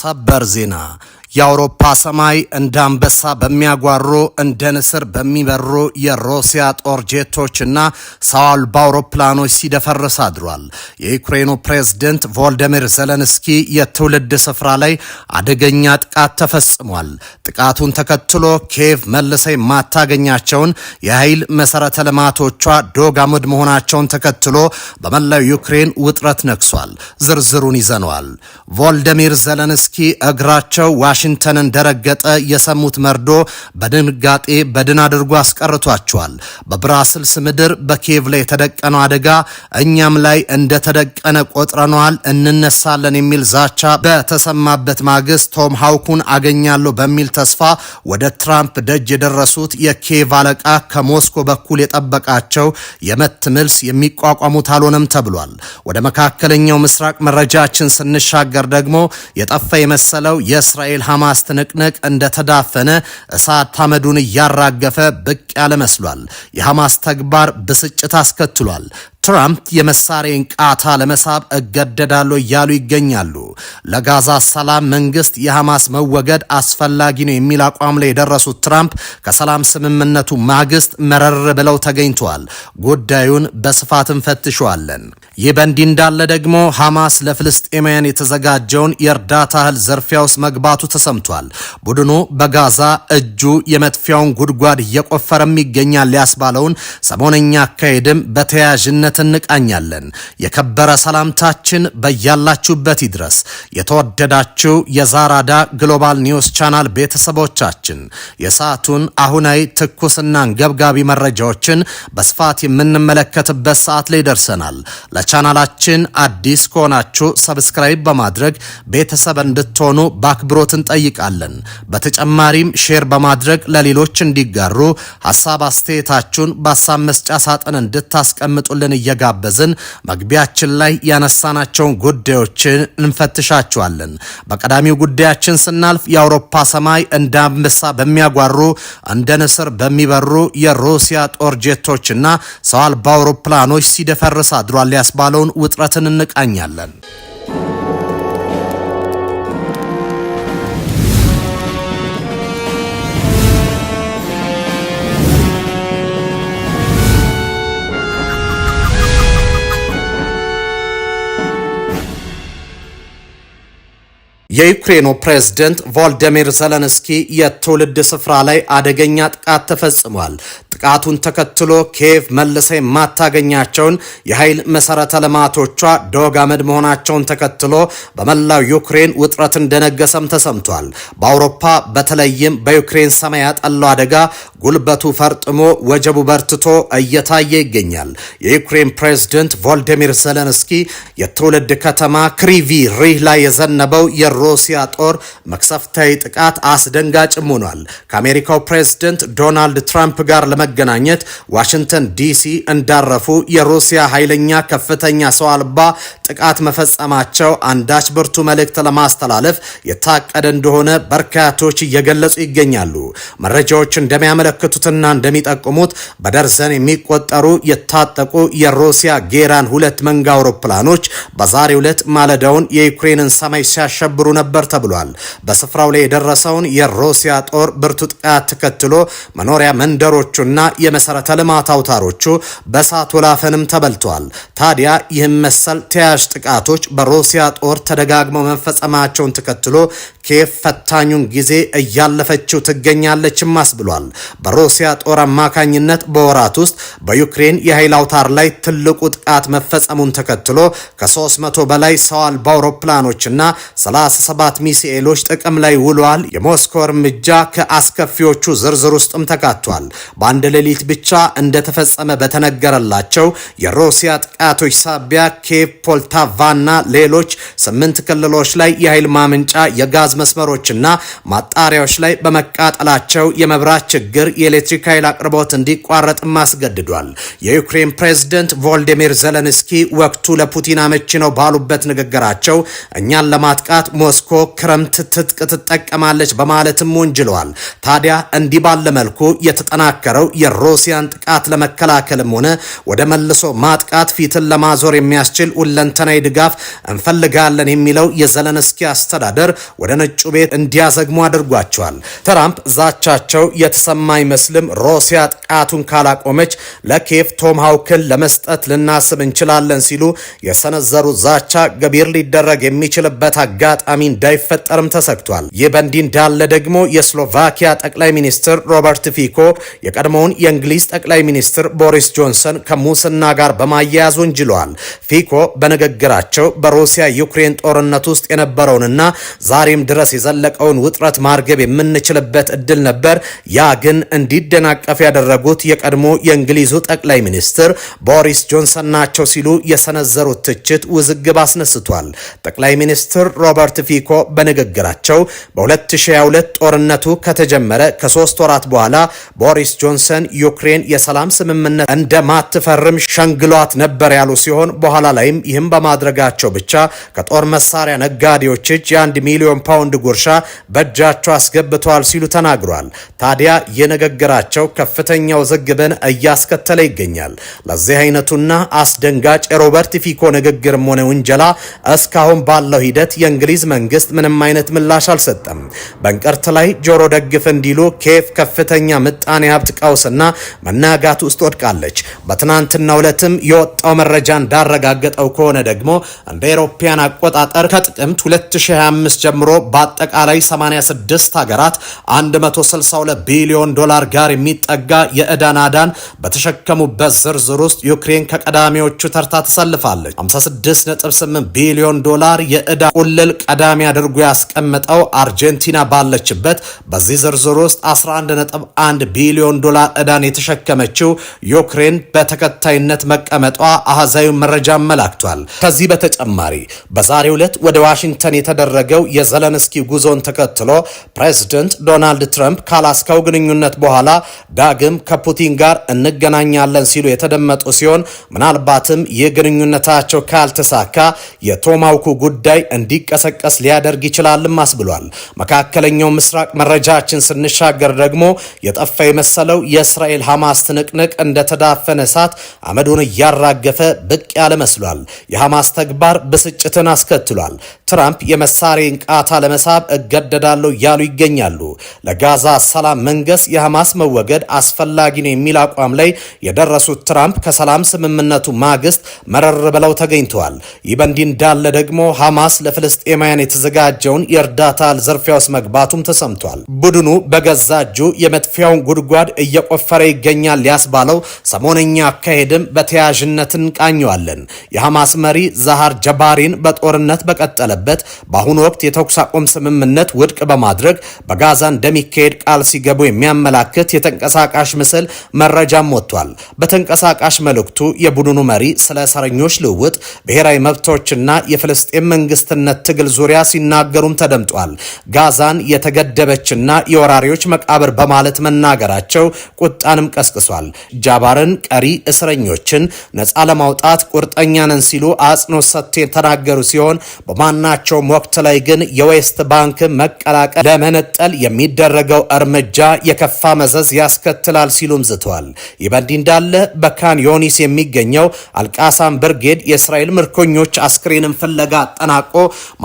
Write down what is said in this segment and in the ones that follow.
ሰበር ዜና የአውሮፓ ሰማይ እንደ አንበሳ በሚያጓሩ እንደ ንስር በሚበሩ የሩሲያ ጦር ጄቶችና ሰው አልባ አውሮፕላኖች ሲደፈርስ አድሯል። የዩክሬኑ ፕሬዝደንት ቮልደሚር ዘለንስኪ የትውልድ ስፍራ ላይ አደገኛ ጥቃት ተፈጽሟል። ጥቃቱን ተከትሎ ኪየቭ መልሰ የማታገኛቸውን የኃይል መሰረተ ልማቶቿ ዶግ አመድ መሆናቸውን ተከትሎ በመላው ዩክሬን ውጥረት ነግሷል። ዝርዝሩን ይዘነዋል። ቮልደሚር ዘለንስኪ እግራቸው ዋሽንግተን እንደረገጠ የሰሙት መርዶ በድንጋጤ በድን አድርጎ አስቀርቷቸዋል። በብራስልስ ምድር በኪየቭ ላይ የተደቀነው አደጋ እኛም ላይ እንደተደቀነ ቆጥረነዋል፣ እንነሳለን የሚል ዛቻ በተሰማበት ማግስት ቶም ሃውኩን አገኛለሁ በሚል ተስፋ ወደ ትራምፕ ደጅ የደረሱት የኪየቭ አለቃ ከሞስኮ በኩል የጠበቃቸው የመት ምልስ የሚቋቋሙት አልሆነም ተብሏል። ወደ መካከለኛው ምስራቅ መረጃችን ስንሻገር ደግሞ የጠፋ የመሰለው የእስራኤል የሐማስ ትንቅንቅ እንደተዳፈነ እሳት አመዱን እያራገፈ ብቅ ያለ መስሏል። የሐማስ ተግባር ብስጭት አስከትሏል። ትራምፕ የመሳሪያን ቃታ ለመሳብ እገደዳለሁ እያሉ ይገኛሉ። ለጋዛ ሰላም መንግስት የሐማስ መወገድ አስፈላጊ ነው የሚል አቋም ላይ የደረሱት ትራምፕ ከሰላም ስምምነቱ ማግስት መረር ብለው ተገኝተዋል። ጉዳዩን በስፋት እንፈትሸዋለን። ይህ በእንዲህ እንዳለ ደግሞ ሐማስ ለፍልስጤማውያን የተዘጋጀውን የእርዳታ እህል ዘርፊያ ውስጥ መግባቱ ተሰምቷል። ቡድኑ በጋዛ እጁ የመጥፊያውን ጉድጓድ እየቆፈረም ይገኛል ያስባለውን ሰሞነኛ አካሄድም በተያያዥነት ግንኙነት እንቃኛለን። የከበረ ሰላምታችን በያላችሁበት ይድረስ። የተወደዳችሁ የዛራዳ ግሎባል ኒውስ ቻናል ቤተሰቦቻችን የሰዓቱን አሁናዊ ትኩስና አንገብጋቢ መረጃዎችን በስፋት የምንመለከትበት ሰዓት ላይ ደርሰናል። ለቻናላችን አዲስ ከሆናችሁ ሰብስክራይብ በማድረግ ቤተሰብ እንድትሆኑ በአክብሮት እንጠይቃለን። በተጨማሪም ሼር በማድረግ ለሌሎች እንዲጋሩ ሀሳብ አስተያየታችሁን በሀሳብ መስጫ ሳጥን እንድታስቀምጡልን እየጋበዝን መግቢያችን ላይ ያነሳናቸውን ጉዳዮችን እንፈትሻቸዋለን። በቀዳሚው ጉዳያችን ስናልፍ የአውሮፓ ሰማይ እንደ አንበሳ በሚያጓሩ እንደ ንስር በሚበሩ የሩሲያ ጦር ጄቶችና ሰው አልባ አውሮፕላኖች ሲደፈርስ አድሯል ያስባለውን ውጥረትን እንቃኛለን። የዩክሬኑ ፕሬዝደንት ቮልደሚር ዘለንስኪ የትውልድ ስፍራ ላይ አደገኛ ጥቃት ተፈጽሟል። ጥቃቱን ተከትሎ ኪየቭ መልሰ የማታገኛቸውን የኃይል መሰረተ ልማቶቿ ዶግ አመድ መሆናቸውን ተከትሎ በመላው ዩክሬን ውጥረት እንደነገሰም ተሰምቷል። በአውሮፓ በተለይም በዩክሬን ሰማይ ያጠላው አደጋ ጉልበቱ ፈርጥሞ ወጀቡ በርትቶ እየታየ ይገኛል። የዩክሬን ፕሬዝደንት ቮልደሚር ዘለንስኪ የትውልድ ከተማ ክሪቪ ሪህ ላይ የዘነበው የሩሲያ ጦር መክሰፍታዊ ጥቃት አስደንጋጭም ሆኗል። ከአሜሪካው ፕሬዝደንት ዶናልድ ትራምፕ ጋር ለመገናኘት ዋሽንግተን ዲሲ እንዳረፉ የሩሲያ ኃይለኛ ከፍተኛ ሰው አልባ ጥቃት መፈጸማቸው አንዳች ብርቱ መልእክት ለማስተላለፍ የታቀደ እንደሆነ በርካቶች እየገለጹ ይገኛሉ። መረጃዎች እንደሚያመለክቱትና እንደሚጠቁሙት በደርዘን የሚቆጠሩ የታጠቁ የሩሲያ ጌራን ሁለት መንጋ አውሮፕላኖች በዛሬው ዕለት ማለዳውን የዩክሬንን ሰማይ ሲያሸብሩ ነበር ተብሏል። በስፍራው ላይ የደረሰውን የሩሲያ ጦር ብርቱ ጥቃት ተከትሎ መኖሪያ መንደሮቹና የመሰረተ ልማት አውታሮቹ በእሳት ወላፈንም ተበልተዋል። ታዲያ ይህም መሰል ተያያዥ ጥቃቶች በሩሲያ ጦር ተደጋግመው መፈጸማቸውን ተከትሎ ኪየቭ ፈታኙን ጊዜ እያለፈችው ትገኛለችም አስብሏል። በሩሲያ ጦር አማካኝነት በወራት ውስጥ በዩክሬን የኃይል አውታር ላይ ትልቁ ጥቃት መፈጸሙን ተከትሎ ከ300 በላይ ሰው አልባ አውሮፕላኖችና 30 ሰባት ሚሳኤሎች ጥቅም ላይ ውሏል፤ የሞስኮ እርምጃ ከአስከፊዎቹ ዝርዝር ውስጥም ተካቷል። በአንድ ሌሊት ብቻ እንደተፈጸመ በተነገረላቸው የሩሲያ ጥቃቶች ሳቢያ ኬቭ፣ ፖልታቫና ሌሎች ስምንት ክልሎች ላይ የኃይል ማመንጫ የጋዝ መስመሮችና ማጣሪያዎች ላይ በመቃጠላቸው የመብራት ችግር የኤሌክትሪክ ኃይል አቅርቦት እንዲቋረጥም አስገድዷል። የዩክሬን ፕሬዝደንት ቮልዲሚር ዘለንስኪ ወቅቱ ለፑቲን አመቺ ነው ባሉበት ንግግራቸው እኛን ለማጥቃት ሞስኮ ክረምት ትጥቅ ትጠቀማለች በማለትም ወንጅለዋል። ታዲያ እንዲህ ባለ መልኩ የተጠናከረው የሩሲያን ጥቃት ለመከላከልም ሆነ ወደ መልሶ ማጥቃት ፊትን ለማዞር የሚያስችል ሁለንተናዊ ድጋፍ እንፈልጋለን የሚለው የዘለንስኪ አስተዳደር ወደ ነጩ ቤት እንዲያዘግሙ አድርጓቸዋል። ትራምፕ ዛቻቸው የተሰማ አይመስልም። ሩሲያ ጥቃቱን ካላቆመች ለኬፍ ቶምሃውክን ለመስጠት ልናስብ እንችላለን ሲሉ የሰነዘሩት ዛቻ ገቢር ሊደረግ የሚችልበት አጋጣሚ አጋጣሚ እንዳይፈጠርም ተሰግቷል። ይህ በእንዲህ እንዳለ ደግሞ የስሎቫኪያ ጠቅላይ ሚኒስትር ሮበርት ፊኮ የቀድሞውን የእንግሊዝ ጠቅላይ ሚኒስትር ቦሪስ ጆንሰን ከሙስና ጋር በማያያዝ ወንጅለዋል። ፊኮ በንግግራቸው በሩሲያ ዩክሬን ጦርነት ውስጥ የነበረውንና ዛሬም ድረስ የዘለቀውን ውጥረት ማርገብ የምንችልበት እድል ነበር፣ ያ ግን እንዲደናቀፍ ያደረጉት የቀድሞ የእንግሊዙ ጠቅላይ ሚኒስትር ቦሪስ ጆንሰን ናቸው ሲሉ የሰነዘሩት ትችት ውዝግብ አስነስቷል። ጠቅላይ ሚኒስትር ሮበርት ፊኮ በንግግራቸው በ2022 ጦርነቱ ከተጀመረ ከሶስት ወራት በኋላ ቦሪስ ጆንሰን ዩክሬን የሰላም ስምምነት እንደማትፈርም ሸንግሏት ነበር ያሉ ሲሆን በኋላ ላይም ይህም በማድረጋቸው ብቻ ከጦር መሳሪያ ነጋዴዎች እጅ የአንድ ሚሊዮን ፓውንድ ጉርሻ በእጃቸው አስገብተዋል ሲሉ ተናግሯል። ታዲያ የንግግራቸው ከፍተኛው ዝግብን እያስከተለ ይገኛል። ለዚህ አይነቱና አስደንጋጭ የሮበርት ፊኮ ንግግርም ሆነ ውንጀላ እስካሁን ባለው ሂደት የእንግሊዝ መንግስት ምንም አይነት ምላሽ አልሰጠም። በእንቅርት ላይ ጆሮ ደግፍ እንዲሉ ኬፍ ከፍተኛ ምጣኔ ሀብት ቀውስና መናጋት ውስጥ ወድቃለች። በትናንትናው ዕለትም የወጣው መረጃ እንዳረጋገጠው ከሆነ ደግሞ እንደ አውሮፓውያን አቆጣጠር ከጥቅምት 2025 ጀምሮ በአጠቃላይ 86 ሀገራት 162 ቢሊዮን ዶላር ጋር የሚጠጋ የዕዳ አዳን በተሸከሙበት ዝርዝር ውስጥ ዩክሬን ከቀዳሚዎቹ ተርታ ተሰልፋለች። 56.8 ቢሊዮን ዶላር የእዳ ቁልል ቀዳ ቀዳሚ አድርጎ ያስቀመጠው አርጀንቲና ባለችበት በዚህ ዝርዝር ውስጥ 11.1 ቢሊዮን ዶላር ዕዳን የተሸከመችው ዩክሬን በተከታይነት መቀመጧ አሃዛዊ መረጃ አመላክቷል። ከዚህ በተጨማሪ በዛሬው ዕለት ወደ ዋሽንግተን የተደረገው የዘለንስኪ ጉዞን ተከትሎ ፕሬዚደንት ዶናልድ ትራምፕ ካላስካው ግንኙነት በኋላ ዳግም ከፑቲን ጋር እንገናኛለን ሲሉ የተደመጡ ሲሆን ምናልባትም የግንኙነታቸው ካልተሳካ የቶማውኩ ጉዳይ እንዲቀሰቀስ እንዲቀሰቀስ ሊያደርግ ይችላልም አስብሏል። መካከለኛው ምስራቅ መረጃችን ስንሻገር ደግሞ የጠፋ የመሰለው የእስራኤል ሐማስ ትንቅንቅ እንደተዳፈነ እሳት አመዱን እያራገፈ ብቅ ያለ መስሏል። የሐማስ ተግባር ብስጭትን አስከትሏል። ትራምፕ የመሳሪያን ቃታ ለመሳብ እገደዳለሁ እያሉ ይገኛሉ። ለጋዛ ሰላም መንገስ የሐማስ መወገድ አስፈላጊ ነው የሚል አቋም ላይ የደረሱት ትራምፕ ከሰላም ስምምነቱ ማግስት መረር ብለው ተገኝተዋል። ይህ በእንዲህ እንዳለ ደግሞ ሐማስ ለፍልስጤማውያን ወገን የተዘጋጀውን የእርዳታ ዝርፊያ ውስጥ መግባቱም ተሰምቷል። ቡድኑ በገዛ እጁ የመጥፊያውን ጉድጓድ እየቆፈረ ይገኛል ያስባለው ሰሞነኛ አካሄድም በተያያዥነት እንቃኘዋለን። የሐማስ መሪ ዛሃር ጀባሪን በጦርነት በቀጠለበት በአሁኑ ወቅት የተኩስ አቁም ስምምነት ውድቅ በማድረግ በጋዛ እንደሚካሄድ ቃል ሲገቡ የሚያመላክት የተንቀሳቃሽ ምስል መረጃም ወጥቷል። በተንቀሳቃሽ መልእክቱ የቡድኑ መሪ ስለ እስረኞች ልውውጥ፣ ብሔራዊ መብቶችና የፍልስጤም መንግስትነት ትግል ዙሪያ ዙሪያ ሲናገሩም ተደምጧል። ጋዛን የተገደበችና የወራሪዎች መቃብር በማለት መናገራቸው ቁጣንም ቀስቅሷል። ጃባርን ቀሪ እስረኞችን ነፃ ለማውጣት ቁርጠኛ ነን ሲሉ አጽንኦት ሰጥተው የተናገሩ ሲሆን በማናቸውም ወቅት ላይ ግን የዌስት ባንክ መቀላቀል ለመነጠል የሚደረገው እርምጃ የከፋ መዘዝ ያስከትላል ሲሉም ዝተዋል። ይህ በእንዲህ እንዳለ በካን ዮኒስ የሚገኘው አልቃሳም ብርጌድ የእስራኤል ምርኮኞች አስክሬንን ፍለጋ አጠናቆ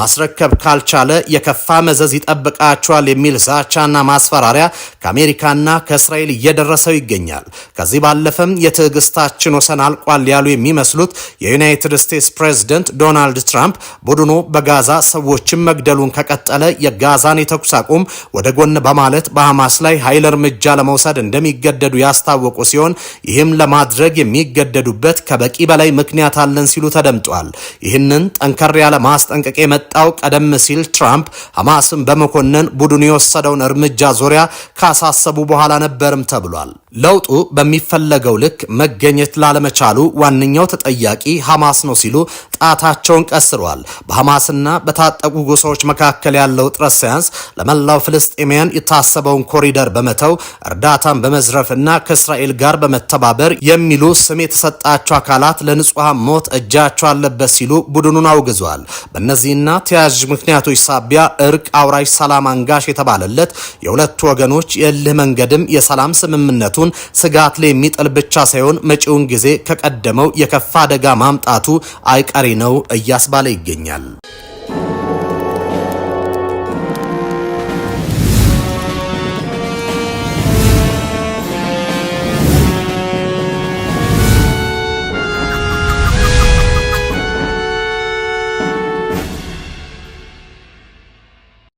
ማስረ መረከብ ካልቻለ የከፋ መዘዝ ይጠብቃቸዋል የሚል ዛቻና ማስፈራሪያ ከአሜሪካና ከእስራኤል እየደረሰው ይገኛል። ከዚህ ባለፈም የትዕግስታችን ወሰን አልቋል ያሉ የሚመስሉት የዩናይትድ ስቴትስ ፕሬዝደንት ዶናልድ ትራምፕ ቡድኑ በጋዛ ሰዎችን መግደሉን ከቀጠለ የጋዛን የተኩስ አቁም ወደ ጎን በማለት በሐማስ ላይ ኃይል እርምጃ ለመውሰድ እንደሚገደዱ ያስታወቁ ሲሆን ይህም ለማድረግ የሚገደዱበት ከበቂ በላይ ምክንያት አለን ሲሉ ተደምጧል። ይህንን ጠንከር ያለ ማስጠንቀቅ የመጣው ቀደም ሲል ትራምፕ ሐማስን በመኮንን ቡድኑ የወሰደውን እርምጃ ዙሪያ ካሳሰቡ በኋላ ነበርም ተብሏል። ለውጡ በሚፈለገው ልክ መገኘት ላለመቻሉ ዋነኛው ተጠያቂ ሐማስ ነው ሲሉ ጣታቸውን ቀስሯል። በሐማስና በታጠቁ ጎሳዎች መካከል ያለው ጥረት ሳያንስ ለመላው ፍልስጤማውያን የታሰበውን ኮሪደር በመተው እርዳታን በመዝረፍ እና ከእስራኤል ጋር በመተባበር የሚሉ ስም የተሰጣቸው አካላት ለንጹሐን ሞት እጃቸው አለበት ሲሉ ቡድኑን አውግዟል። በእነዚህና ተያያዥ ምክንያቶች ሳቢያ እርቅ አውራጅ ሰላም አንጋሽ የተባለለት የሁለቱ ወገኖች የእልህ መንገድም የሰላም ስምምነቱን ስጋት ላይ የሚጥል ብቻ ሳይሆን መጪውን ጊዜ ከቀደመው የከፋ አደጋ ማምጣቱ አይቀሬ ነው እያስባለ ይገኛል።